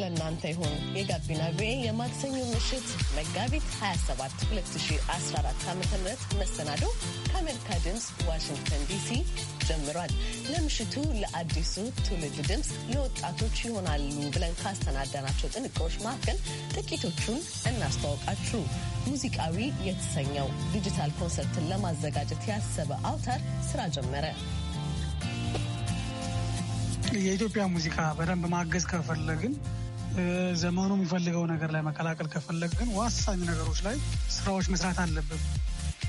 ለእናንተ ይሁን። የጋቢና ቪኦኤ የማክሰኞ ምሽት መጋቢት 27 2014 ዓ ም መሰናዶ ከአሜሪካ ድምፅ ዋሽንግተን ዲሲ ጀምሯል። ለምሽቱ ለአዲሱ ትውልድ ድምፅ ለወጣቶች ይሆናሉ ብለን ካስተናዳናቸው ጥንቅሮች መካከል ጥቂቶቹን እናስተዋውቃችሁ። ሙዚቃዊ የተሰኘው ዲጂታል ኮንሰርትን ለማዘጋጀት ያሰበ አውታር ስራ ጀመረ። የኢትዮጵያ ሙዚቃ በደንብ ማገዝ ከፈለግን ዘመኑ የሚፈልገው ነገር ላይ መቀላቀል ከፈለግ ግን ዋሳኝ ነገሮች ላይ ስራዎች መስራት አለብን።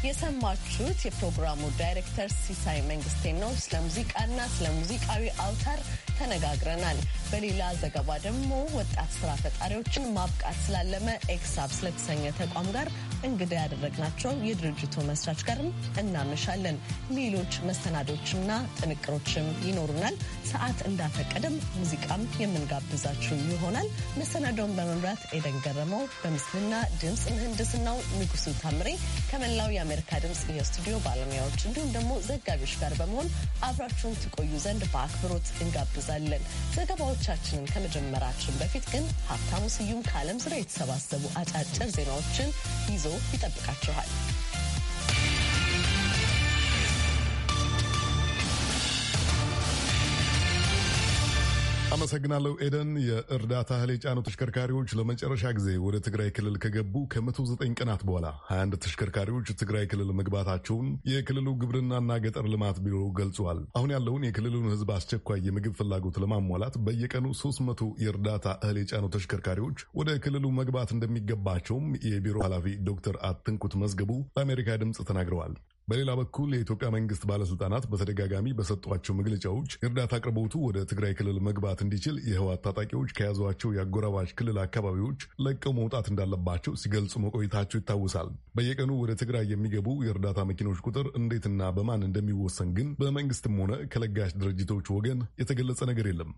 የሰማችሁት የፕሮግራሙ ዳይሬክተር ሲሳይ መንግስቴ ነው። ስለ ሙዚቃና ስለ ሙዚቃዊ አውታር ተነጋግረናል። በሌላ ዘገባ ደግሞ ወጣት ስራ ፈጣሪዎችን ማብቃት ስላለመ ኤክሳብ ስለተሰኘ ተቋም ጋር እንግዳ ያደረግናቸው የድርጅቱ መስራች ጋርም እናመሻለን። ሌሎች መሰናዶችና ጥንቅሮችም ይኖሩናል። ሰዓት እንዳፈቀደም ሙዚቃም የምንጋብዛችሁ ይሆናል። መሰናዶውን በመምራት ኤደን ገረመው፣ በምስልና ድምፅ ምህንድስናው ንጉሱ ታምሬ ከመላው ከአሜሪካ ድምፅ የስቱዲዮ ባለሙያዎች እንዲሁም ደግሞ ዘጋቢዎች ጋር በመሆን አብራችሁን ትቆዩ ዘንድ በአክብሮት እንጋብዛለን። ዘገባዎቻችንን ከመጀመራችን በፊት ግን ሀብታሙ ስዩም ከዓለም ዙሪያ የተሰባሰቡ አጫጭር ዜናዎችን ይዞ ይጠብቃችኋል። አመሰግናለሁ ኤደን። የእርዳታ እህል የጫኑ ተሽከርካሪዎች ለመጨረሻ ጊዜ ወደ ትግራይ ክልል ከገቡ ከ109 ቀናት በኋላ 21 ተሽከርካሪዎች ትግራይ ክልል መግባታቸውን የክልሉ ግብርናና ገጠር ልማት ቢሮ ገልጿል። አሁን ያለውን የክልሉን ሕዝብ አስቸኳይ የምግብ ፍላጎት ለማሟላት በየቀኑ 300 የእርዳታ እህል የጫኑ ተሽከርካሪዎች ወደ ክልሉ መግባት እንደሚገባቸውም የቢሮ ኃላፊ ዶክተር አትንኩት መዝገቡ ለአሜሪካ ድምፅ ተናግረዋል። በሌላ በኩል የኢትዮጵያ መንግስት ባለስልጣናት በተደጋጋሚ በሰጧቸው መግለጫዎች የእርዳታ አቅርቦቱ ወደ ትግራይ ክልል መግባት እንዲችል የህወሓት ታጣቂዎች ከያዟቸው የአጎራባች ክልል አካባቢዎች ለቀው መውጣት እንዳለባቸው ሲገልጹ መቆየታቸው ይታወሳል። በየቀኑ ወደ ትግራይ የሚገቡ የእርዳታ መኪኖች ቁጥር እንዴትና በማን እንደሚወሰን ግን በመንግስትም ሆነ ከለጋሽ ድርጅቶች ወገን የተገለጸ ነገር የለም።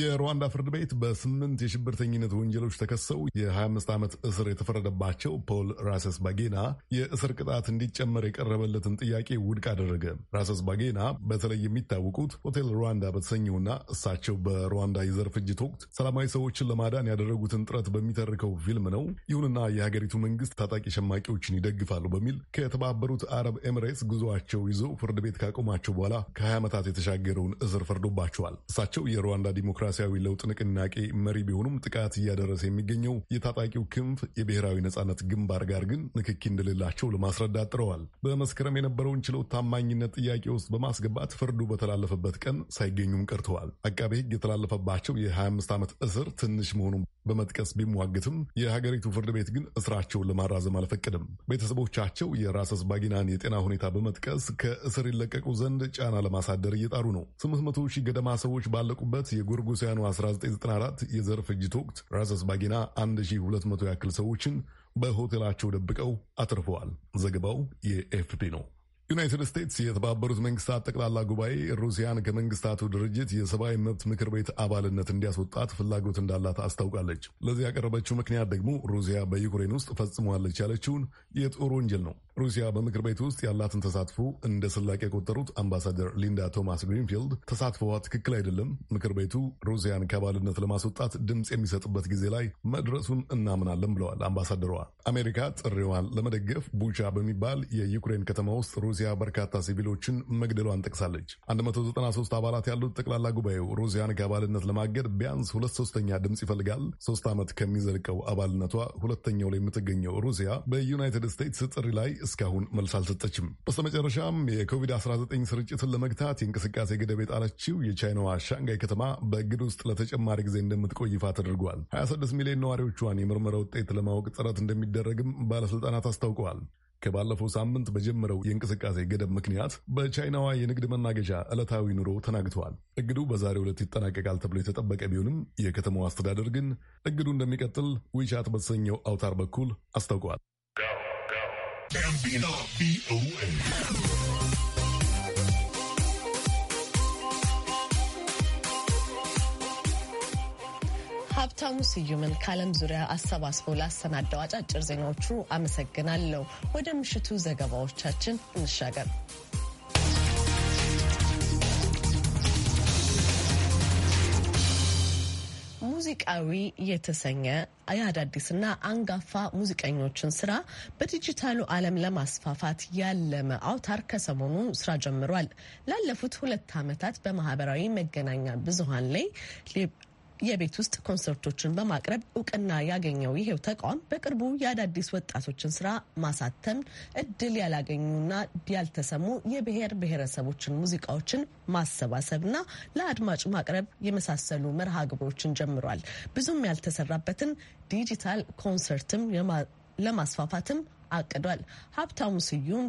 የሩዋንዳ ፍርድ ቤት በስምንት የሽብርተኝነት ወንጀሎች ተከሰው የ25 ዓመት እስር የተፈረደባቸው ፖል ራሰስ ባጌና የእስር ቅጣት እንዲጨመር የቀረበለትን ጥያቄ ውድቅ አደረገ። ራሰስ ባጌና በተለይ የሚታወቁት ሆቴል ሩዋንዳ በተሰኘውና እሳቸው በሩዋንዳ የዘር ፍጅት ወቅት ሰላማዊ ሰዎችን ለማዳን ያደረጉትን ጥረት በሚተርከው ፊልም ነው። ይሁንና የሀገሪቱ መንግስት ታጣቂ ሸማቂዎችን ይደግፋሉ በሚል ከተባበሩት አረብ ኤምሬትስ ጉዞአቸው ይዞ ፍርድ ቤት ካቆማቸው በኋላ ከ20 ዓመታት የተሻገረውን እስር ፈርዶባቸዋል። እሳቸው የሩዋንዳ ዲሞክራ ዲሞክራሲያዊ ለውጥ ንቅናቄ መሪ ቢሆኑም ጥቃት እያደረሰ የሚገኘው የታጣቂው ክንፍ የብሔራዊ ነጻነት ግንባር ጋር ግን ንክኪ እንደሌላቸው ለማስረዳት ጥረዋል። በመስከረም የነበረውን ችሎት ታማኝነት ጥያቄ ውስጥ በማስገባት ፍርዱ በተላለፈበት ቀን ሳይገኙም ቀርተዋል። አቃቤ ሕግ የተላለፈባቸው የ25 ዓመት እስር ትንሽ መሆኑን በመጥቀስ ቢሟግትም የሀገሪቱ ፍርድ ቤት ግን እስራቸውን ለማራዘም አልፈቀደም። ቤተሰቦቻቸው የራሰስ ባጊናን የጤና ሁኔታ በመጥቀስ ከእስር ይለቀቁ ዘንድ ጫና ለማሳደር እየጣሩ ነው። 800 ሺህ ገደማ ሰዎች ባለቁበት የጎርጎሲያኑ 1994 የዘር ፍጅት ወቅት ራሰስ ባጊና 1200 ያክል ሰዎችን በሆቴላቸው ደብቀው አትርፈዋል። ዘገባው የኤፍፒ ነው። ዩናይትድ ስቴትስ የተባበሩት መንግስታት ጠቅላላ ጉባኤ ሩሲያን ከመንግስታቱ ድርጅት የሰብአዊ መብት ምክር ቤት አባልነት እንዲያስወጣት ፍላጎት እንዳላት አስታውቃለች። ለዚህ ያቀረበችው ምክንያት ደግሞ ሩሲያ በዩክሬን ውስጥ ፈጽመዋለች ያለችውን የጦር ወንጀል ነው። ሩሲያ በምክር ቤት ውስጥ ያላትን ተሳትፎ እንደ ስላቅ የቆጠሩት አምባሳደር ሊንዳ ቶማስ ግሪንፊልድ ተሳትፎዋ ትክክል አይደለም፣ ምክር ቤቱ ሩሲያን ከባልነት ለማስወጣት ድምፅ የሚሰጥበት ጊዜ ላይ መድረሱን እናምናለን ብለዋል አምባሳደሯ። አሜሪካ ጥሪዋን ለመደገፍ ቡቻ በሚባል የዩክሬን ከተማ ውስጥ ሩሲያ በርካታ ሲቪሎችን መግደሏን ጠቅሳለች። 193 አባላት ያሉት ጠቅላላ ጉባኤው ሩሲያን ከአባልነት ለማገድ ቢያንስ ሁለት ሶስተኛ ድምፅ ይፈልጋል። ሶስት ዓመት ከሚዘልቀው አባልነቷ ሁለተኛው ላይ የምትገኘው ሩሲያ በዩናይትድ ስቴትስ ጥሪ ላይ እስካሁን መልስ አልሰጠችም። በስተመጨረሻም የኮቪድ-19 ስርጭትን ለመግታት የእንቅስቃሴ ገደብ የጣለችው የቻይናዋ ሻንጋይ ከተማ በእግድ ውስጥ ለተጨማሪ ጊዜ እንደምትቆይ ይፋ ተደርጓል። 26 ሚሊዮን ነዋሪዎቿን የምርመራ ውጤት ለማወቅ ጥረት እንደሚደረግም ባለሥልጣናት አስታውቀዋል። ከባለፈው ሳምንት በጀመረው የእንቅስቃሴ ገደብ ምክንያት በቻይናዋ የንግድ መናገሻ ዕለታዊ ኑሮ ተናግተዋል። እግዱ በዛሬው ዕለት ይጠናቀቃል ተብሎ የተጠበቀ ቢሆንም የከተማው አስተዳደር ግን እግዱ እንደሚቀጥል ዊቻት በተሰኘው አውታር በኩል አስታውቀዋል። ሀብታሙ ስዩምን ከዓለም ዙሪያ አሰባስበው ላሰናዳው አጫጭር ዜናዎቹ አመሰግናለሁ። ወደ ምሽቱ ዘገባዎቻችን እንሻገር። ሙዚቃዊ የተሰኘ የአዳዲስና አንጋፋ ሙዚቀኞችን ስራ በዲጂታሉ ዓለም ለማስፋፋት ያለመ አውታር ከሰሞኑ ስራ ጀምሯል። ላለፉት ሁለት ዓመታት በማህበራዊ መገናኛ ብዙሃን ላይ የቤት ውስጥ ኮንሰርቶችን በማቅረብ እውቅና ያገኘው ይሄው ተቋም በቅርቡ የአዳዲስ ወጣቶችን ስራ ማሳተም እድል ያላገኙና ያልተሰሙ የብሔር ብሔረሰቦችን ሙዚቃዎችን ማሰባሰብና ለአድማጭ ማቅረብ የመሳሰሉ መርሃ ግብሮችን ጀምሯል። ብዙም ያልተሰራበትን ዲጂታል ኮንሰርትም ለማስፋፋትም አቅዷል። ሀብታሙ ስዩም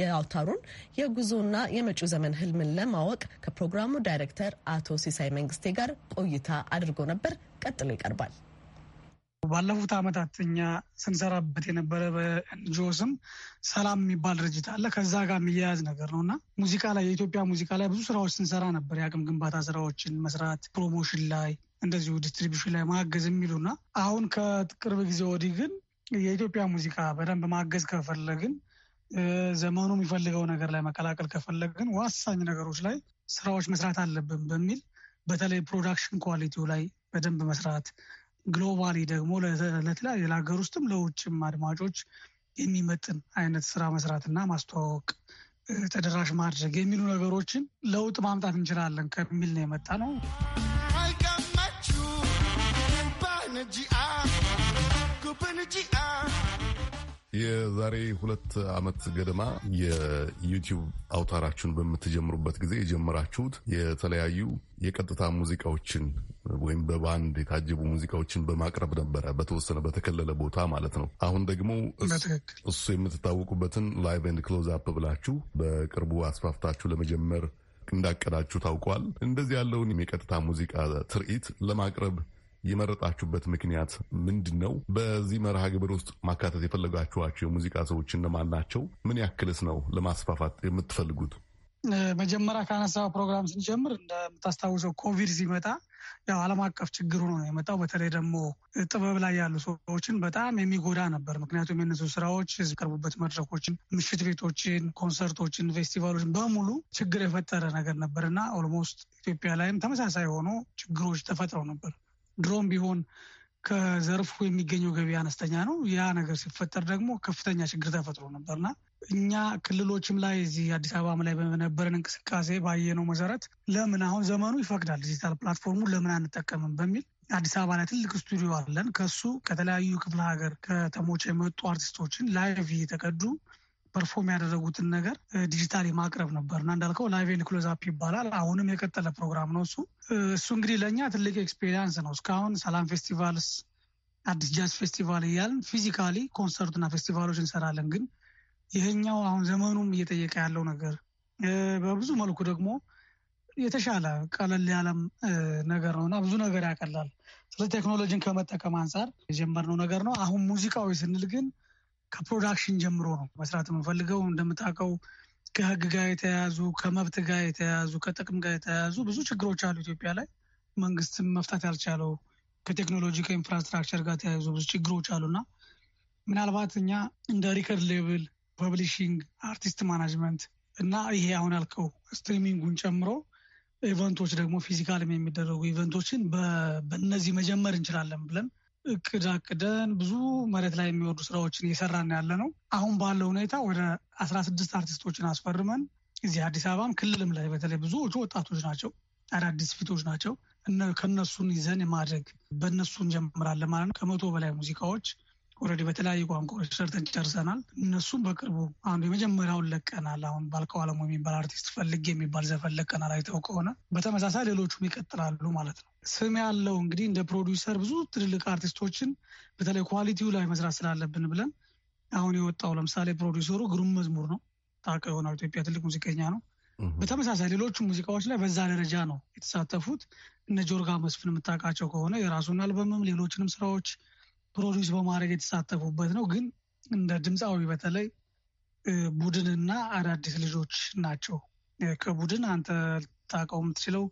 የአውታሩን የጉዞና የመጪው ዘመን ህልምን ለማወቅ ከፕሮግራሙ ዳይሬክተር አቶ ሲሳይ መንግስቴ ጋር ቆይታ አድርጎ ነበር። ቀጥሎ ይቀርባል። ባለፉት ዓመታት እኛ ስንሰራበት የነበረ በኤንጂኦ ስም ሰላም የሚባል ድርጅት አለ። ከዛ ጋር የሚያያዝ ነገር ነው እና ሙዚቃ ላይ የኢትዮጵያ ሙዚቃ ላይ ብዙ ስራዎች ስንሰራ ነበር። የአቅም ግንባታ ስራዎችን መስራት፣ ፕሮሞሽን ላይ እንደዚሁ ዲስትሪቢሽን ላይ ማገዝ የሚሉና አሁን ከቅርብ ጊዜ ወዲህ ግን የኢትዮጵያ ሙዚቃ በደንብ ማገዝ ከፈለግን ዘመኑ የሚፈልገው ነገር ላይ መቀላቀል ከፈለግን ዋሳኝ ነገሮች ላይ ስራዎች መስራት አለብን በሚል በተለይ ፕሮዳክሽን ኳሊቲው ላይ በደንብ መስራት ግሎባሊ ደግሞ ለተለያዩ ለሀገር ውስጥም ለውጭም አድማጮች የሚመጥን አይነት ስራ መስራትና ማስተዋወቅ ተደራሽ ማድረግ የሚሉ ነገሮችን ለውጥ ማምጣት እንችላለን ከሚል ነው የመጣ ነው። የዛሬ ሁለት ዓመት ገደማ የዩቲዩብ አውታራችሁን በምትጀምሩበት ጊዜ የጀመራችሁት የተለያዩ የቀጥታ ሙዚቃዎችን ወይም በባንድ የታጀቡ ሙዚቃዎችን በማቅረብ ነበረ፣ በተወሰነ በተከለለ ቦታ ማለት ነው። አሁን ደግሞ እሱ የምትታወቁበትን ላይቭ ኤንድ ክሎዝ አፕ ብላችሁ በቅርቡ አስፋፍታችሁ ለመጀመር እንዳቀዳችሁ ታውቋል። እንደዚህ ያለውን የቀጥታ ሙዚቃ ትርኢት ለማቅረብ የመረጣችሁበት ምክንያት ምንድን ነው? በዚህ መርሃ ግብር ውስጥ ማካተት የፈለጋችኋቸው የሙዚቃ ሰዎች እነማን ናቸው? ምን ያክልስ ነው ለማስፋፋት የምትፈልጉት? መጀመሪያ ከአነሳው ፕሮግራም ስንጀምር እንደምታስታውሰው ኮቪድ ሲመጣ ያው ዓለም አቀፍ ችግሩ ነው የመጣው። በተለይ ደግሞ ጥበብ ላይ ያሉ ሰዎችን በጣም የሚጎዳ ነበር። ምክንያቱም የነሱ ስራዎች የሚቀርቡበት መድረኮችን፣ ምሽት ቤቶችን፣ ኮንሰርቶችን፣ ፌስቲቫሎችን በሙሉ ችግር የፈጠረ ነገር ነበር እና ኦልሞስት ኢትዮጵያ ላይም ተመሳሳይ ሆኖ ችግሮች ተፈጥረው ነበር። ድሮም ቢሆን ከዘርፉ የሚገኘው ገቢ አነስተኛ ነው። ያ ነገር ሲፈጠር ደግሞ ከፍተኛ ችግር ተፈጥሮ ነበርና እኛ ክልሎችም ላይ እዚህ አዲስ አበባም ላይ በነበረን እንቅስቃሴ ባየነው መሰረት ለምን አሁን ዘመኑ ይፈቅዳል ዲጂታል ፕላትፎርሙ ለምን አንጠቀምም በሚል አዲስ አበባ ላይ ትልቅ ስቱዲዮ አለን። ከሱ ከተለያዩ ክፍለ ሀገር ከተሞች የመጡ አርቲስቶችን ላይቭ እየተቀዱ ፐርፎርም ያደረጉትን ነገር ዲጂታል ማቅረብ ነበር እና እንዳልከው ላይቭ ኤንድ ክሎዝ አፕ ይባላል። አሁንም የቀጠለ ፕሮግራም ነው እሱ እሱ እንግዲህ ለእኛ ትልቅ ኤክስፔሪንስ ነው። እስካሁን ሰላም ፌስቲቫልስ፣ አዲስ ጃዝ ፌስቲቫል እያልን ፊዚካሊ ኮንሰርቱና ፌስቲቫሎች እንሰራለን። ግን ይሄኛው አሁን ዘመኑም እየጠየቀ ያለው ነገር በብዙ መልኩ ደግሞ የተሻለ ቀለል ያለም ነገር ነው እና ብዙ ነገር ያቀላል። ስለዚህ ቴክኖሎጂን ከመጠቀም አንጻር የጀመርነው ነገር ነው። አሁን ሙዚቃዊ ስንል ግን ከፕሮዳክሽን ጀምሮ ነው መስራት የምፈልገው። እንደምታውቀው ከህግ ጋር የተያያዙ ከመብት ጋር የተያያዙ ከጥቅም ጋር የተያያዙ ብዙ ችግሮች አሉ ኢትዮጵያ ላይ መንግስትም መፍታት ያልቻለው ከቴክኖሎጂ ከኢንፍራስትራክቸር ጋር ተያይዞ ብዙ ችግሮች አሉና ምናልባት እኛ እንደ ሪከርድ ሌብል፣ ፐብሊሽንግ፣ አርቲስት ማናጅመንት እና ይሄ አሁን ያልከው ስትሪሚንጉን ጨምሮ ኢቨንቶች ደግሞ ፊዚካልም የሚደረጉ ኢቨንቶችን በእነዚህ መጀመር እንችላለን ብለን እቅድ አቅደን ብዙ መሬት ላይ የሚወርዱ ስራዎችን እየሰራን ያለ ነው። አሁን ባለው ሁኔታ ወደ አስራ ስድስት አርቲስቶችን አስፈርመን እዚህ አዲስ አበባም ክልልም ላይ በተለይ ብዙዎቹ ወጣቶች ናቸው፣ አዳዲስ ፊቶች ናቸው። ከነሱን ይዘን የማድረግ በእነሱ እንጀምራለን ማለት ነው። ከመቶ በላይ ሙዚቃዎች ኦልሬዲ በተለያዩ ቋንቋዎች ሰርተን ጨርሰናል። እነሱም በቅርቡ አንዱ የመጀመሪያውን ለቀናል። አሁን ባልከው አለሙ የሚባል አርቲስት ፈልግ የሚባል ዘፈን ለቀናል። አይተው ከሆነ በተመሳሳይ ሌሎቹም ይቀጥላሉ ማለት ነው። ስም ያለው እንግዲህ እንደ ፕሮዲውሰር ብዙ ትልልቅ አርቲስቶችን በተለይ ኳሊቲው ላይ መስራት ስላለብን ብለን አሁን የወጣው ለምሳሌ ፕሮዲውሰሩ ግሩም መዝሙር ነው። ታቀ የሆነው ኢትዮጵያ ትልቅ ሙዚቀኛ ነው። በተመሳሳይ ሌሎቹ ሙዚቃዎች ላይ በዛ ደረጃ ነው የተሳተፉት። እነ ጆርጋ መስፍን የምታውቃቸው ከሆነ የራሱን አልበምም ሌሎችንም ስራዎች ፕሮዲስ በማድረግ የተሳተፉበት ነው። ግን እንደ ድምፃዊ በተለይ ቡድንና አዳዲስ ልጆች ናቸው። ከቡድን አንተ ልታውቀው የምትችለው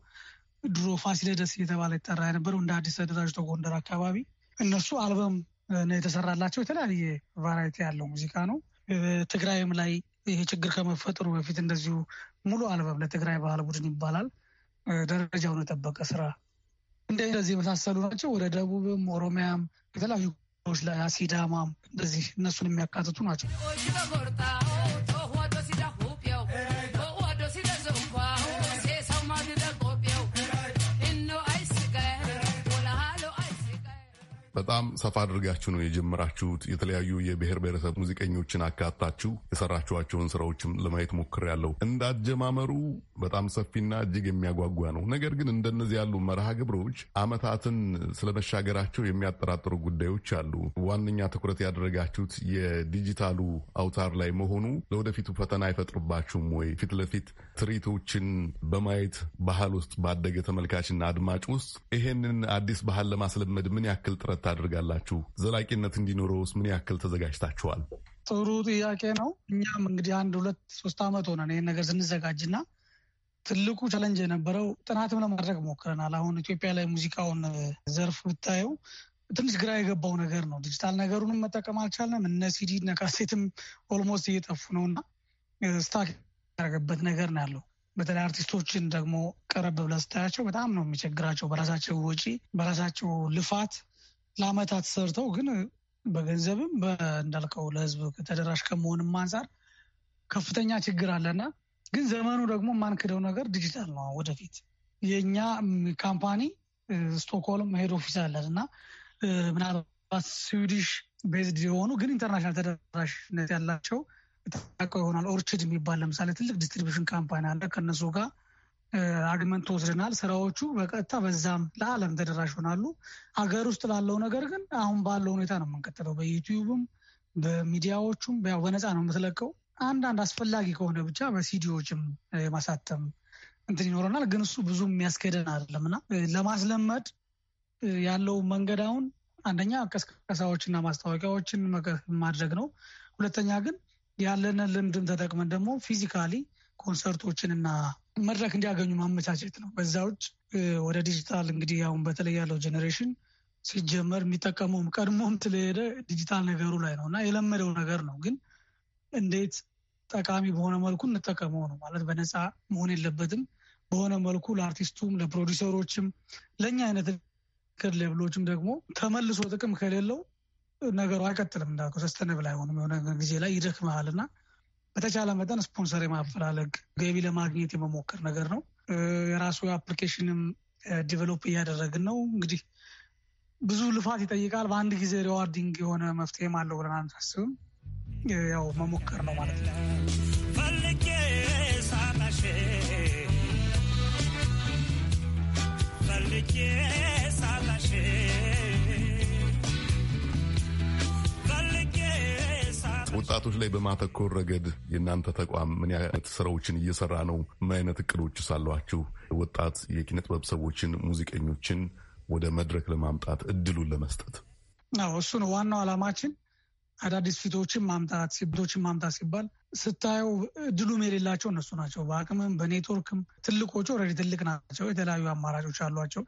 ድሮ ፋሲለደስ እየተባለ ይጠራ የነበረው እንደ አዲስ ተደራጅቶ ጎንደር አካባቢ እነሱ አልበም ነው የተሰራላቸው። የተለያየ ቫራይቲ ያለው ሙዚቃ ነው። ትግራይም ላይ ይሄ ችግር ከመፈጠሩ በፊት እንደዚሁ ሙሉ አልበም ለትግራይ ባህል ቡድን ይባላል ደረጃውን የጠበቀ ስራ እንደዚህ የመሳሰሉ ናቸው። ወደ ደቡብም ኦሮሚያም የተለያዩ ች ላይ ሲዳማም እንደዚህ እነሱን የሚያካትቱ ናቸው። በጣም ሰፋ አድርጋችሁ ነው የጀመራችሁት። የተለያዩ የብሔር ብሔረሰብ ሙዚቀኞችን አካታችሁ የሰራችኋቸውን ስራዎችም ለማየት ሞክሬያለሁ። እንዳጀማመሩ በጣም ሰፊና እጅግ የሚያጓጓ ነው። ነገር ግን እንደነዚህ ያሉ መርሃ ግብሮች አመታትን ስለመሻገራቸው የሚያጠራጥሩ ጉዳዮች አሉ። ዋነኛ ትኩረት ያደረጋችሁት የዲጂታሉ አውታር ላይ መሆኑ ለወደፊቱ ፈተና አይፈጥርባችሁም ወይ? ፊት ለፊት ትርኢቶችን በማየት ባህል ውስጥ ባደገ ተመልካችና አድማጭ ውስጥ ይሄንን አዲስ ባህል ለማስለመድ ምን ያክል ጥረት ታደርጋላችሁ? ዘላቂነት እንዲኖረውስ ምን ያክል ተዘጋጅታችኋል? ጥሩ ጥያቄ ነው። እኛም እንግዲህ አንድ ሁለት ሶስት ዓመት ሆነን ይህን ነገር ስንዘጋጅና ትልቁ ቻለንጅ የነበረው ጥናትም ለማድረግ ሞክረናል። አሁን ኢትዮጵያ ላይ ሙዚቃውን ዘርፍ ብታየው ትንሽ ግራ የገባው ነገር ነው። ዲጂታል ነገሩንም መጠቀም አልቻለም። እነ ሲዲ እነ ካሴትም ኦልሞስት እየጠፉ ነው እና ስታክ ያደረገበት ነገር ነው ያለው። በተለይ አርቲስቶችን ደግሞ ቀረብ ብለህ ስታያቸው በጣም ነው የሚቸግራቸው። በራሳቸው ወጪ፣ በራሳቸው ልፋት ለአመታት ሰርተው ግን በገንዘብም እንዳልከው ለህዝብ ተደራሽ ከመሆንም አንጻር ከፍተኛ ችግር አለና ግን ዘመኑ ደግሞ የማንክደው ነገር ዲጂታል ነው። ወደፊት የእኛ ካምፓኒ ስቶክሆልም ሄድ ኦፊስ አለን እና ምናልባት ስዊዲሽ ቤዝድ የሆኑ ግን ኢንተርናሽናል ተደራሽነት ያላቸው ታቀው ይሆናል። ኦርችድ የሚባል ለምሳሌ ትልቅ ዲስትሪቢሽን ካምፓኒ አለ ከነሱ ጋር አግመንቶ ወስደናል። ስራዎቹ በቀጥታ በዛም ለዓለም ተደራሽ ሆናሉ። ሀገር ውስጥ ላለው ነገር ግን አሁን ባለው ሁኔታ ነው የምንቀጥለው። በዩቲዩብም በሚዲያዎቹም ያው በነፃ ነው የምትለቀው። አንዳንድ አስፈላጊ ከሆነ ብቻ በሲዲዎችም የማሳተም እንትን ይኖረናል። ግን እሱ ብዙ የሚያስገደን አይደለም እና ለማስለመድ ያለው መንገድ አሁን አንደኛ ቀስቀሳዎችና ማስታወቂያዎችን ማድረግ ነው። ሁለተኛ ግን ያለንን ልምድም ተጠቅመን ደግሞ ፊዚካሊ ኮንሰርቶችንና መድረክ እንዲያገኙ ማመቻቸት ነው። በዛ ውጭ ወደ ዲጂታል እንግዲህ አሁን በተለይ ያለው ጀኔሬሽን ሲጀመር የሚጠቀመውም ቀድሞም ስለሄደ ዲጂታል ነገሩ ላይ ነው እና የለመደው ነገር ነው። ግን እንዴት ጠቃሚ በሆነ መልኩ እንጠቀመው ነው ማለት በነፃ መሆን የለበትም። በሆነ መልኩ ለአርቲስቱም፣ ለፕሮዲሰሮችም ለእኛ አይነት ክር ሌብሎችም ደግሞ ተመልሶ ጥቅም ከሌለው ነገሩ አይቀጥልም። እንዳልኩህ ሰስተነብል አይሆንም። የሆነ ጊዜ ላይ ይደክመሃል እና በተቻለ መጠን ስፖንሰር የማፈላለግ ገቢ ለማግኘት የመሞከር ነገር ነው። የራሱ አፕሊኬሽንም ዲቨሎፕ እያደረግን ነው። እንግዲህ ብዙ ልፋት ይጠይቃል። በአንድ ጊዜ ሪዋርዲንግ የሆነ መፍትሄም አለው ብለን አናስብም። ያው መሞከር ነው ማለት ነው። ፈልጌ ሳላሽ ወጣቶች ላይ በማተኮር ረገድ የእናንተ ተቋም ምን አይነት ስራዎችን እየሰራ ነው? ምን አይነት እቅዶች ሳሏችሁ? ወጣት የኪነ ጥበብ ሰዎችን፣ ሙዚቀኞችን ወደ መድረክ ለማምጣት እድሉን ለመስጠት ነው። እሱ ነው ዋናው አላማችን አዳዲስ ፊቶችን ማምጣት ሲብቶችን ማምጣት ሲባል ስታየው እድሉም የሌላቸው እነሱ ናቸው። በአቅምም በኔትወርክም ትልቆቹ ኦልሬዲ ትልቅ ናቸው። የተለያዩ አማራጮች አሏቸው።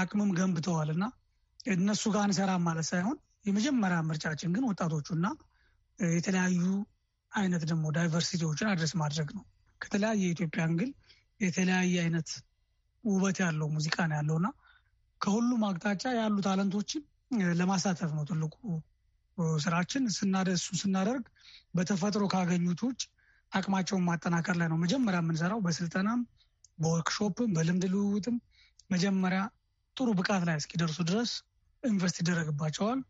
አቅምም ገንብተዋል እና እነሱ ጋር እንሰራ ማለት ሳይሆን የመጀመሪያ ምርጫችን ግን ወጣቶቹና የተለያዩ አይነት ደግሞ ዳይቨርሲቲዎችን አድረስ ማድረግ ነው። ከተለያየ የኢትዮጵያ እንግል የተለያየ አይነት ውበት ያለው ሙዚቃ ነው ያለውና ከሁሉም አቅጣጫ ያሉ ታለንቶችን ለማሳተፍ ነው ትልቁ ስራችን። እሱ ስናደርግ በተፈጥሮ ካገኙት ውጭ አቅማቸውን ማጠናከር ላይ ነው መጀመሪያ የምንሰራው። በስልጠናም፣ በወርክሾፕም፣ በልምድ ልውውጥም መጀመሪያ ጥሩ ብቃት ላይ እስኪደርሱ ድረስ ኢንቨስት ይደረግባቸዋል።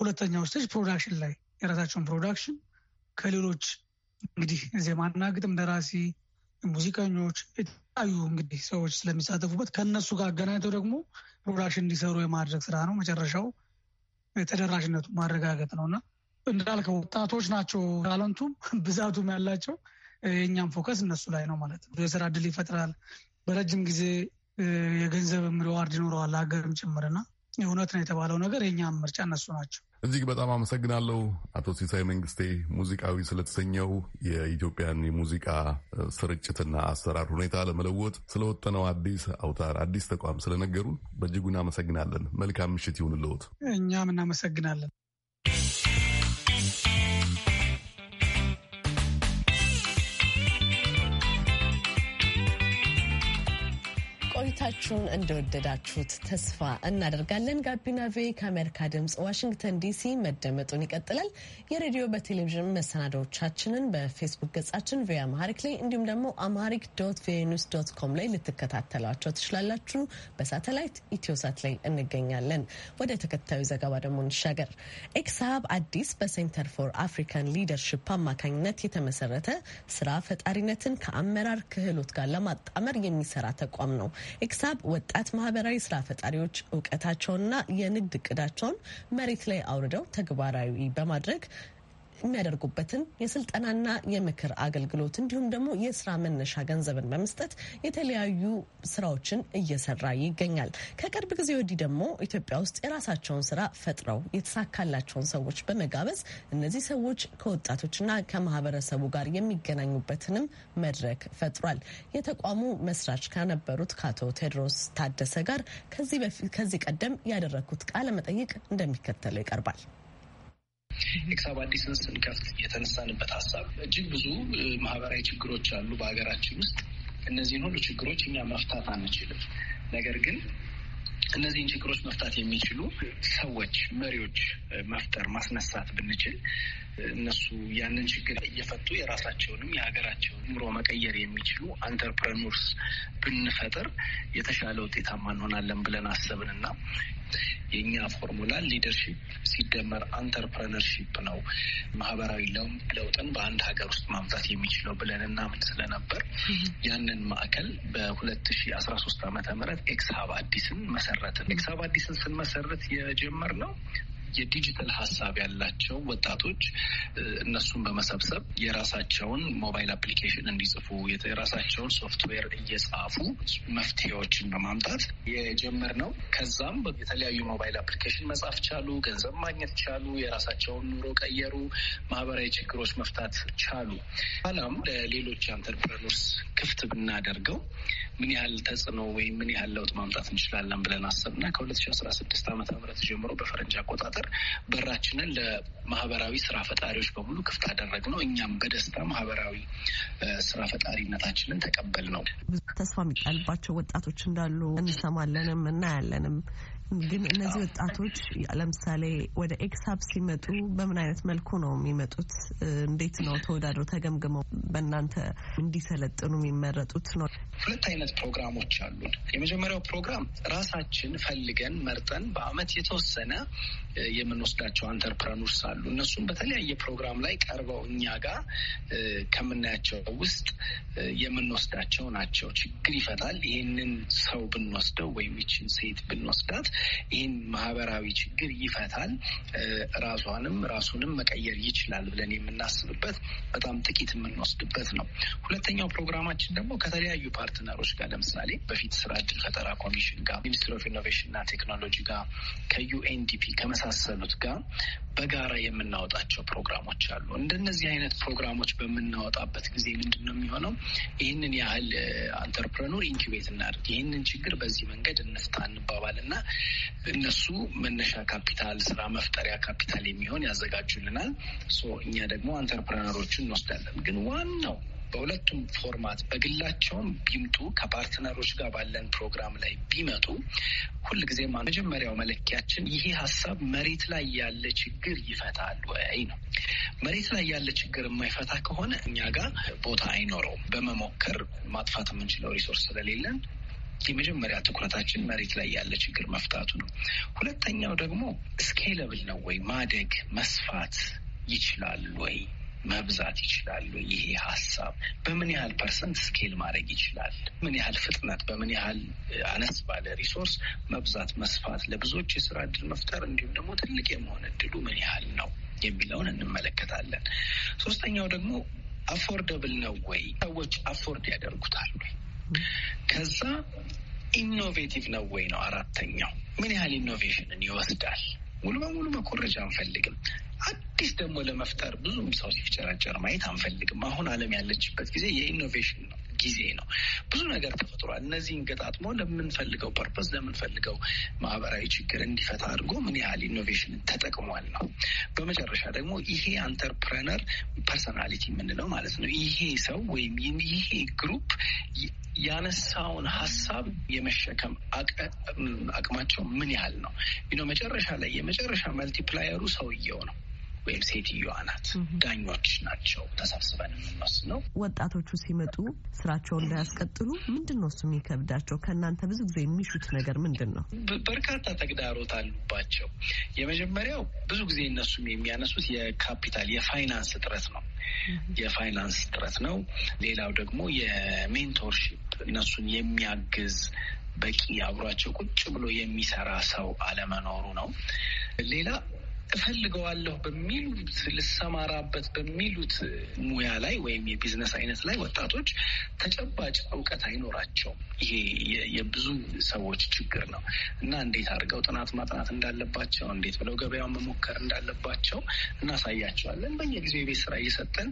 ሁለተኛው ስቴጅ ፕሮዳክሽን ላይ የራሳቸውን ፕሮዳክሽን ከሌሎች እንግዲህ ዜማና ግጥም ደራሲ፣ ሙዚቀኞች፣ የተለያዩ እንግዲህ ሰዎች ስለሚሳተፉበት ከእነሱ ጋር አገናኝተው ደግሞ ፕሮዳክሽን እንዲሰሩ የማድረግ ስራ ነው። መጨረሻው ተደራሽነቱ ማረጋገጥ ነው እና እንዳልከው ወጣቶች ናቸው ታለንቱም ብዛቱም ያላቸው። የእኛም ፎከስ እነሱ ላይ ነው ማለት ነው። የስራ እድል ይፈጥራል። በረጅም ጊዜ የገንዘብ ሪዋርድ ይኖረዋል ለሀገርም ጭምርና እውነት ነው የተባለው ነገር የእኛም ምርጫ እነሱ ናቸው። እጅግ በጣም አመሰግናለሁ አቶ ሲሳይ መንግስቴ። ሙዚቃዊ ስለተሰኘው የኢትዮጵያን የሙዚቃ ስርጭትና አሰራር ሁኔታ ለመለወጥ ስለወጠነው አዲስ አውታር፣ አዲስ ተቋም ስለነገሩን በእጅጉ እናመሰግናለን። መልካም ምሽት ይሁንልዎት። እኛም እናመሰግናለን። ቆይታችሁን እንደወደዳችሁት ተስፋ እናደርጋለን። ጋቢና ቪ ከአሜሪካ ድምፅ ዋሽንግተን ዲሲ መደመጡን ይቀጥላል። የሬዲዮ በቴሌቪዥን መሰናዶዎቻችንን በፌስቡክ ገጻችን ቪ አማሪክ ላይ እንዲሁም ደግሞ አማሪክ ዶት ቪኦኤ ኒውስ ዶት ኮም ላይ ልትከታተሏቸው ትችላላችሁ። በሳተላይት ኢትዮሳት ላይ እንገኛለን። ወደ ተከታዩ ዘገባ ደግሞ እንሻገር። ኤክስሀብ አዲስ በሴንተር ፎር አፍሪካን ሊደርሽፕ አማካኝነት የተመሰረተ ስራ ፈጣሪነትን ከአመራር ክህሎት ጋር ለማጣመር የሚሰራ ተቋም ነው። ኤክሳብ ወጣት ማህበራዊ ስራ ፈጣሪዎች እውቀታቸውንና የንግድ እቅዳቸውን መሬት ላይ አውርደው ተግባራዊ በማድረግ የሚያደርጉበትን የስልጠናና የምክር አገልግሎት እንዲሁም ደግሞ የስራ መነሻ ገንዘብን በመስጠት የተለያዩ ስራዎችን እየሰራ ይገኛል። ከቅርብ ጊዜ ወዲህ ደግሞ ኢትዮጵያ ውስጥ የራሳቸውን ስራ ፈጥረው የተሳካላቸውን ሰዎች በመጋበዝ እነዚህ ሰዎች ከወጣቶችና ከማህበረሰቡ ጋር የሚገናኙበትንም መድረክ ፈጥሯል። የተቋሙ መስራች ከነበሩት ከአቶ ቴዎድሮስ ታደሰ ጋር ከዚህ ቀደም ያደረግኩት ቃለ መጠይቅ እንደሚከተለው ይቀርባል። ኤክሳብ አዲስን ስንከፍት የተነሳንበት ሀሳብ እጅግ ብዙ ማህበራዊ ችግሮች አሉ በሀገራችን ውስጥ። እነዚህን ሁሉ ችግሮች እኛ መፍታት አንችልም። ነገር ግን እነዚህን ችግሮች መፍታት የሚችሉ ሰዎች፣ መሪዎች መፍጠር ማስነሳት ብንችል እነሱ ያንን ችግር እየፈቱ የራሳቸውንም የሀገራቸውን ኑሮ መቀየር የሚችሉ አንተርፕረኖርስ ብንፈጥር የተሻለ ውጤታማ እንሆናለን ብለን አሰብን እና የእኛ ፎርሙላ ሊደርሺፕ ሲደመር አንተርፕረነርሺፕ ነው ማህበራዊ ለውጥን በአንድ ሀገር ውስጥ ማምጣት የሚችለው ብለን እናምን ስለነበር ያንን ማዕከል በሁለት ሺ አስራ ሶስት አመተ ምህረት ኤክስሀብ አዲስን መሰረትን። ኤክስሀብ አዲስን ስንመሰረት ነው። የዲጂታል ሀሳብ ያላቸው ወጣቶች እነሱን በመሰብሰብ የራሳቸውን ሞባይል አፕሊኬሽን እንዲጽፉ የራሳቸውን ሶፍትዌር እየጻፉ መፍትሄዎችን በማምጣት የጀመር ነው። ከዛም የተለያዩ ሞባይል አፕሊኬሽን መጻፍ ቻሉ፣ ገንዘብ ማግኘት ቻሉ፣ የራሳቸውን ኑሮ ቀየሩ፣ ማህበራዊ ችግሮች መፍታት ቻሉ። ኋላም ለሌሎች አንተርፕረኖርስ ክፍት ብናደርገው ምን ያህል ተጽዕኖ ወይም ምን ያህል ለውጥ ማምጣት እንችላለን ብለን አሰብና ከሁለት ሺ አስራ ስድስት ጀምሮ በፈረንጅ አቆጣጠር ቁጥር በራችንን ለማህበራዊ ስራ ፈጣሪዎች በሙሉ ክፍት አደረግ ነው እኛም በደስታ ማህበራዊ ስራ ፈጣሪነታችንን ተቀበል ነው። ተስፋ የሚጣልባቸው ወጣቶች እንዳሉ እንሰማለንም እናያለንም። ግን እነዚህ ወጣቶች ለምሳሌ ወደ ኤክሳፕ ሲመጡ በምን አይነት መልኩ ነው የሚመጡት? እንዴት ነው ተወዳድሮ ተገምግመው በእናንተ እንዲሰለጥኑ የሚመረጡት? ነው ሁለት አይነት ፕሮግራሞች አሉን። የመጀመሪያው ፕሮግራም ራሳችን ፈልገን መርጠን በአመት የተወሰነ የምንወስዳቸው አንተርፕረኖርስ አሉ። እነሱም በተለያየ ፕሮግራም ላይ ቀርበው እኛ ጋር ከምናያቸው ውስጥ የምንወስዳቸው ናቸው። ችግር ይፈታል ይህንን ሰው ብንወስደው ወይም ይችን ሴት ብንወስዳት ይህን ማህበራዊ ችግር ይፈታል፣ ራሷንም ራሱንም መቀየር ይችላል ብለን የምናስብበት በጣም ጥቂት የምንወስድበት ነው። ሁለተኛው ፕሮግራማችን ደግሞ ከተለያዩ ፓርትነሮች ጋር ለምሳሌ በፊት ስራ እድል ፈጠራ ኮሚሽን ጋር፣ ሚኒስትር ኦፍ ኢኖቬሽን እና ቴክኖሎጂ ጋር፣ ከዩኤንዲፒ ከመሳሰሉት ጋር በጋራ የምናወጣቸው ፕሮግራሞች አሉ። እንደነዚህ አይነት ፕሮግራሞች በምናወጣበት ጊዜ ምንድን ነው የሚሆነው? ይህንን ያህል አንተርፕረኖር ኢንኩቤት እናድርግ፣ ይህንን ችግር በዚህ መንገድ እንፍታ እንባባል እና እነሱ መነሻ ካፒታል፣ ስራ መፍጠሪያ ካፒታል የሚሆን ያዘጋጁልናል። እኛ ደግሞ አንተርፕረነሮችን እንወስዳለን። ግን ዋናው በሁለቱም ፎርማት በግላቸውም ቢምጡ ከፓርትነሮች ጋር ባለን ፕሮግራም ላይ ቢመጡ ሁልጊዜም መጀመሪያው መለኪያችን ይሄ ሀሳብ መሬት ላይ ያለ ችግር ይፈታል ወይ ነው። መሬት ላይ ያለ ችግር የማይፈታ ከሆነ እኛ ጋር ቦታ አይኖረውም። በመሞከር ማጥፋት የምንችለው ሪሶርስ ስለሌለን የመጀመሪያ ትኩረታችን መሬት ላይ ያለ ችግር መፍታቱ ነው። ሁለተኛው ደግሞ ስኬለብል ነው ወይ ማደግ መስፋት ይችላል ወይ መብዛት ይችላል ወይ? ይሄ ሀሳብ በምን ያህል ፐርሰንት ስኬል ማድረግ ይችላል? ምን ያህል ፍጥነት፣ በምን ያህል አነስ ባለ ሪሶርስ መብዛት መስፋት፣ ለብዙዎች የስራ እድል መፍጠር እንዲሁም ደግሞ ትልቅ የመሆን እድሉ ምን ያህል ነው የሚለውን እንመለከታለን። ሶስተኛው ደግሞ አፎርደብል ነው ወይ? ሰዎች አፎርድ ያደርጉታል ወይ? ከዛ ኢኖቬቲቭ ነው ወይ ነው አራተኛው። ምን ያህል ኢኖቬሽንን ይወስዳል? ሙሉ በሙሉ መኮረጃ አንፈልግም። አዲስ ደግሞ ለመፍጠር ብዙም ሰው ሲፍጨራጨር ማየት አንፈልግም። አሁን ዓለም ያለችበት ጊዜ የኢኖቬሽን ነው። ጊዜ ነው። ብዙ ነገር ተፈጥሯል። እነዚህን ገጣጥሞ ለምንፈልገው ፐርፐስ ለምንፈልገው ማህበራዊ ችግር እንዲፈታ አድርጎ ምን ያህል ኢኖቬሽንን ተጠቅሟል ነው። በመጨረሻ ደግሞ ይሄ አንተርፕረነር ፐርሰናሊቲ የምንለው ማለት ነው። ይሄ ሰው ወይም ይሄ ግሩፕ ያነሳውን ሀሳብ የመሸከም አቅማቸው ምን ያህል ነው? መጨረሻ ላይ የመጨረሻ መልቲፕላየሩ ሰውየው ነው። ወይም ሴትዮዋ ናት። ዳኞች ናቸው ተሰብስበን የምንወስነው። ወጣቶቹ ሲመጡ ስራቸውን እንዳያስቀጥሉ ምንድን ነው እሱ የሚከብዳቸው? ከእናንተ ብዙ ጊዜ የሚሹት ነገር ምንድን ነው? በርካታ ተግዳሮት አሉባቸው። የመጀመሪያው ብዙ ጊዜ እነሱም የሚያነሱት የካፒታል የፋይናንስ እጥረት ነው። የፋይናንስ እጥረት ነው። ሌላው ደግሞ የሜንቶርሺፕ እነሱን የሚያግዝ በቂ አብሯቸው ቁጭ ብሎ የሚሰራ ሰው አለመኖሩ ነው። ሌላ እፈልገዋለሁ በሚሉት ልሰማራበት በሚሉት ሙያ ላይ ወይም የቢዝነስ አይነት ላይ ወጣቶች ተጨባጭ እውቀት አይኖራቸውም። ይሄ የብዙ ሰዎች ችግር ነው እና እንዴት አድርገው ጥናት ማጥናት እንዳለባቸው፣ እንዴት ብለው ገበያ መሞከር እንዳለባቸው እናሳያቸዋለን። በየጊዜው የቤት ስራ እየሰጠን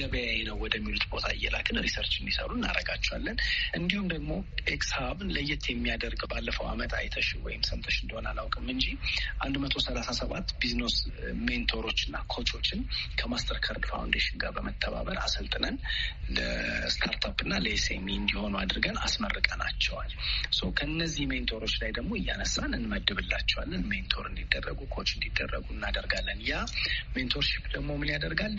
ገበያ ነው ወደሚሉት ቦታ እየላክን ሪሰርች እንዲሰሩ እናረጋቸዋለን። እንዲሁም ደግሞ ኤክስሀብን ለየት የሚያደርግ ባለፈው አመት አይተሽ ወይም ሰምተሽ እንደሆነ አላውቅም እንጂ አንድ መቶ ሰላሳ ሰባት የቢዝነስ ሜንቶሮች እና ኮቾችን ከማስተር ካርድ ፋውንዴሽን ጋር በመተባበር አሰልጥነን ለስታርታፕ እና ለኤስኤምኢ እንዲሆኑ አድርገን አስመርቀናቸዋል። ከነዚህ ሜንቶሮች ላይ ደግሞ እያነሳን እንመድብላቸዋለን። ሜንቶር እንዲደረጉ ኮች እንዲደረጉ እናደርጋለን። ያ ሜንቶርሺፕ ደግሞ ምን ያደርጋል?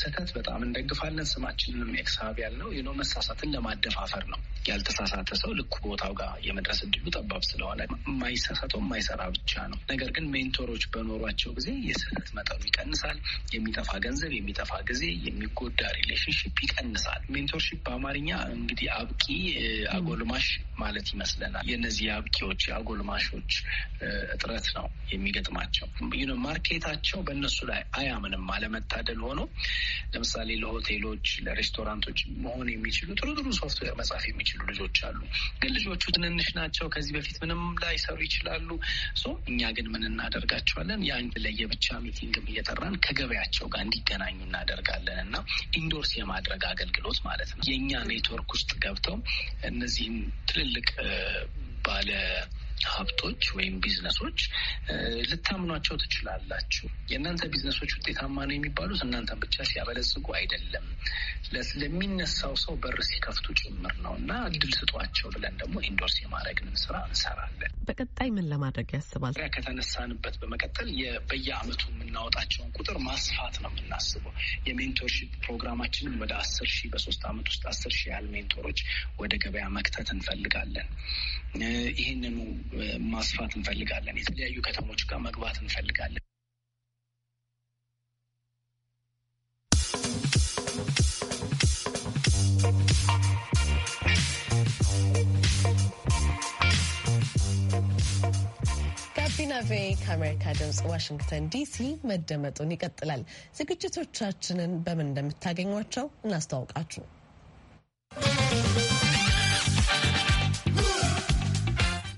ስህተት በጣም እንደግፋለን። ስማችንንም ኤክሳብ ያልነው ይኖ መሳሳትን ለማደፋፈር ነው። ያልተሳሳተ ሰው ልኩ ቦታው ጋር የመድረስ እድሉ ጠባብ ስለሆነ የማይሳሳተው የማይሰራ ብቻ ነው። ነገር ግን ሜንቶሮች በኖሯቸው በምንሄድባቸው ጊዜ የስህተት መጠኑ ይቀንሳል። የሚጠፋ ገንዘብ፣ የሚጠፋ ጊዜ፣ የሚጎዳ ሪሌሽንሽፕ ይቀንሳል። ሜንቶርሺፕ በአማርኛ እንግዲህ አብቂ አጎልማሽ ማለት ይመስለናል። የነዚህ አብቂዎች አጎልማሾች እጥረት ነው የሚገጥማቸው። ማርኬታቸው በእነሱ ላይ አያምንም። አለመታደል ሆኖ ለምሳሌ ለሆቴሎች፣ ለሬስቶራንቶች መሆን የሚችሉ ጥሩ ጥሩ ሶፍትዌር መጻፍ የሚችሉ ልጆች አሉ። ግን ልጆቹ ትንንሽ ናቸው። ከዚህ በፊት ምንም ላይሰሩ ይችላሉ። እኛ ግን ምን እናደርጋቸዋለን? ያን በደንብ ለየብቻ ሚቲንግም እየጠራን ከገበያቸው ጋር እንዲገናኙ እናደርጋለን እና ኢንዶርስ የማድረግ አገልግሎት ማለት ነው። የእኛ ኔትወርክ ውስጥ ገብተው እነዚህም ትልልቅ ባለ ሀብቶች ወይም ቢዝነሶች ልታምኗቸው ትችላላችሁ። የእናንተ ቢዝነሶች ውጤታማ ነው የሚባሉት እናንተን ብቻ ሲያበለጽጉ አይደለም፣ ለሚነሳው ሰው በር ሲከፍቱ ጭምር ነው እና እድል ስጧቸው ብለን ደግሞ ኢንዶርስ የማድረግን ስራ እንሰራለን። በቀጣይ ምን ለማድረግ ያስባል? ከተነሳንበት በመቀጠል በየአመቱ የምናወጣቸውን ቁጥር ማስፋት ነው የምናስበው። የሜንቶርሺፕ ፕሮግራማችንን ወደ አስር ሺህ በሶስት አመት ውስጥ አስር ሺህ ያህል ሜንቶሮች ወደ ገበያ መክተት እንፈልጋለን። ይህንኑ ማስፋት እንፈልጋለን። የተለያዩ ከተሞች ጋር መግባት እንፈልጋለን። ጋቢና ከአሜሪካ ድምጽ ዋሽንግተን ዲሲ መደመጡን ይቀጥላል። ዝግጅቶቻችንን በምን እንደምታገኟቸው እናስተዋውቃችሁ።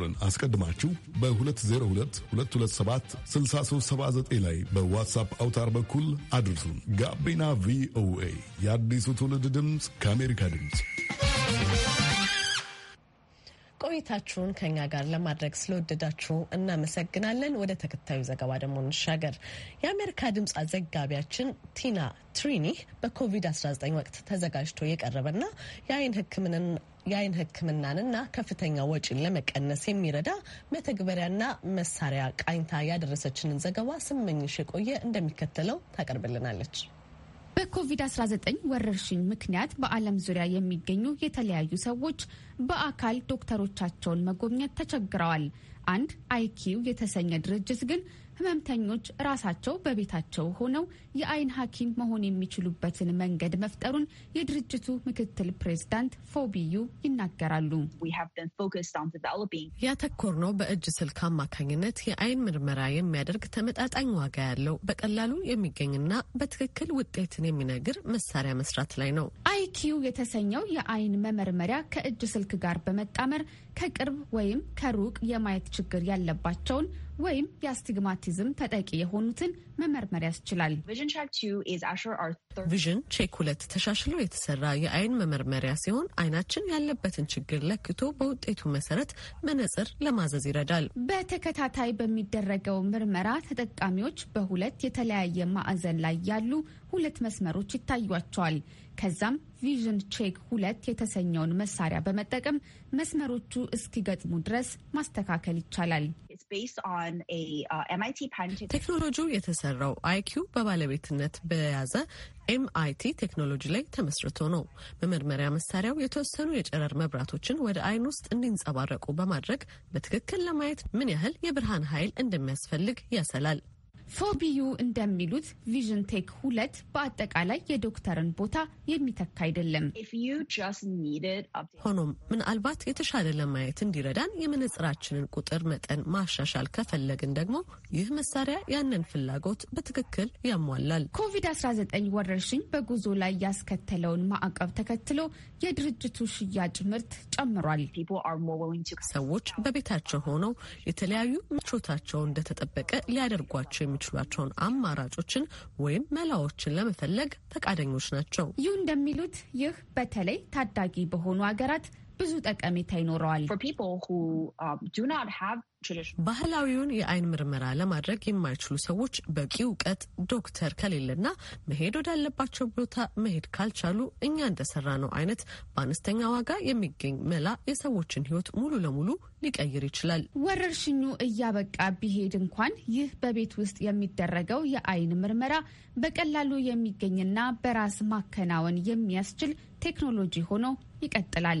ቁጥርን አስቀድማችሁ በ2022276379 ላይ በዋትሳፕ አውታር በኩል አድርሱን። ጋቢና ቪኦኤ የአዲሱ ትውልድ ድምፅ ከአሜሪካ ድምፅ ቆይታችሁን ከኛ ጋር ለማድረግ ስለወደዳችሁ እናመሰግናለን። ወደ ተከታዩ ዘገባ ደግሞ እንሻገር። የአሜሪካ ድምፅ ዘጋቢያችን ቲና ትሪኒ በኮቪድ-19 ወቅት ተዘጋጅቶ የቀረበና የአይን የአይን ሕክምናንና ከፍተኛ ወጪን ለመቀነስ የሚረዳ መተግበሪያና መሳሪያ ቃኝታ ያደረሰችንን ዘገባ ስመኝሽ የቆየ እንደሚከተለው ታቀርብልናለች። በኮቪድ-19 ወረርሽኝ ምክንያት በዓለም ዙሪያ የሚገኙ የተለያዩ ሰዎች በአካል ዶክተሮቻቸውን መጎብኘት ተቸግረዋል። አንድ አይኪው የተሰኘ ድርጅት ግን ህመምተኞች ራሳቸው በቤታቸው ሆነው የአይን ሐኪም መሆን የሚችሉበትን መንገድ መፍጠሩን የድርጅቱ ምክትል ፕሬዝዳንት ፎቢዩ ይናገራሉ። ያተኮርነው በእጅ ስልክ አማካኝነት የአይን ምርመራ የሚያደርግ ተመጣጣኝ ዋጋ ያለው በቀላሉ የሚገኝና በትክክል ውጤትን የሚነግር መሳሪያ መስራት ላይ ነው። አይኪዩ የተሰኘው የአይን መመርመሪያ ከእጅ ስልክ ጋር በመጣመር ከቅርብ ወይም ከሩቅ የማየት ችግር ያለባቸውን ወይም የአስቲግማቲዝም ተጠቂ የሆኑትን መመርመር ያስችላል። ቪዥን ቼክ ሁለት ተሻሽሎ የተሰራ የአይን መመርመሪያ ሲሆን አይናችን ያለበትን ችግር ለክቶ በውጤቱ መሰረት መነጽር ለማዘዝ ይረዳል። በተከታታይ በሚደረገው ምርመራ ተጠቃሚዎች በሁለት የተለያየ ማዕዘን ላይ ያሉ ሁለት መስመሮች ይታዩቸዋል። ከዛም ቪዥን ቼክ ሁለት የተሰኘውን መሳሪያ በመጠቀም መስመሮቹ እስኪገጥሙ ድረስ ማስተካከል ይቻላል። uh, ቴክኖሎጂው የተሰራው አይኪው በባለቤትነት በያዘ ኤምአይቲ ቴክኖሎጂ ላይ ተመስርቶ ነው። በመርመሪያ መሳሪያው የተወሰኑ የጨረር መብራቶችን ወደ አይን ውስጥ እንዲንጸባረቁ በማድረግ በትክክል ለማየት ምን ያህል የብርሃን ኃይል እንደሚያስፈልግ ያሰላል። ፎቢዩ እንደሚሉት ቪዥን ቴክ ሁለት በአጠቃላይ የዶክተርን ቦታ የሚተካ አይደለም። ሆኖም ምናልባት የተሻለ ለማየት እንዲረዳን የመነጽራችንን ቁጥር መጠን ማሻሻል ከፈለግን ደግሞ ይህ መሳሪያ ያንን ፍላጎት በትክክል ያሟላል። ኮቪድ-19 ወረርሽኝ በጉዞ ላይ ያስከተለውን ማዕቀብ ተከትሎ የድርጅቱ ሽያጭ ምርት ጨምሯል። ሰዎች በቤታቸው ሆነው የተለያዩ ምቾታቸውን እንደተጠበቀ ሊያደርጓቸው የሚ የሚችሏቸውን አማራጮችን ወይም መላዎችን ለመፈለግ ፈቃደኞች ናቸው። ይሁ እንደሚሉት ይህ በተለይ ታዳጊ በሆኑ ሀገራት ብዙ ጠቀሜታ ይኖረዋል። um, ባህላዊውን የአይን ምርመራ ለማድረግ የማይችሉ ሰዎች በቂ እውቀት ዶክተር ከሌለና መሄድ ወዳለባቸው ቦታ መሄድ ካልቻሉ እኛ እንደሰራ ነው አይነት በአነስተኛ ዋጋ የሚገኝ መላ የሰዎችን ሕይወት ሙሉ ለሙሉ ሊቀይር ይችላል። ወረርሽኙ እያበቃ ቢሄድ እንኳን ይህ በቤት ውስጥ የሚደረገው የአይን ምርመራ በቀላሉ የሚገኝና በራስ ማከናወን የሚያስችል ቴክኖሎጂ ሆኖ ይቀጥላል።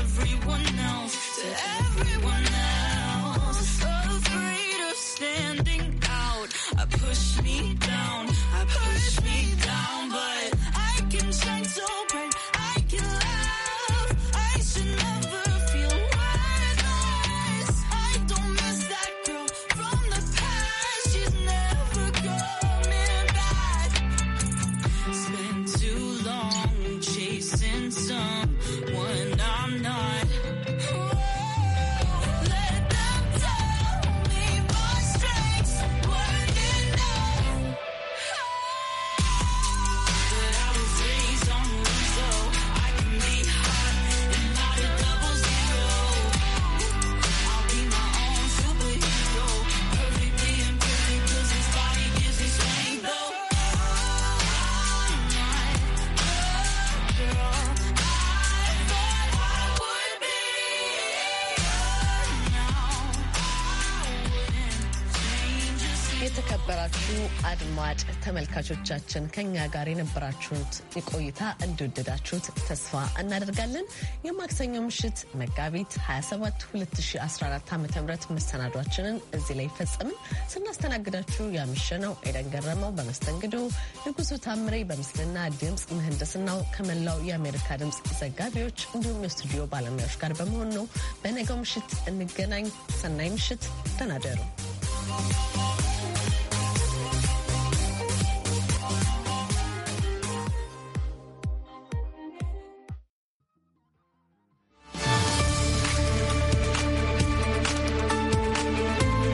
everyone else. አድማጭ ተመልካቾቻችን ከኛ ጋር የነበራችሁት ቆይታ እንደወደዳችሁት ተስፋ እናደርጋለን። የማክሰኞ ምሽት መጋቢት 27 2014 ዓ ም መሰናዷችንን እዚህ ላይ ፈጸምን። ስናስተናግዳችሁ ያመሸነው ኤደን ገረመው በመስተንግዶ ንጉሱ ታምሬ በምስልና ድምፅ ምህንድስናው ከመላው የአሜሪካ ድምፅ ዘጋቢዎች እንዲሁም የስቱዲዮ ባለሙያዎች ጋር በመሆን ነው። በነገው ምሽት እንገናኝ። ሰናይ ምሽት። ደህና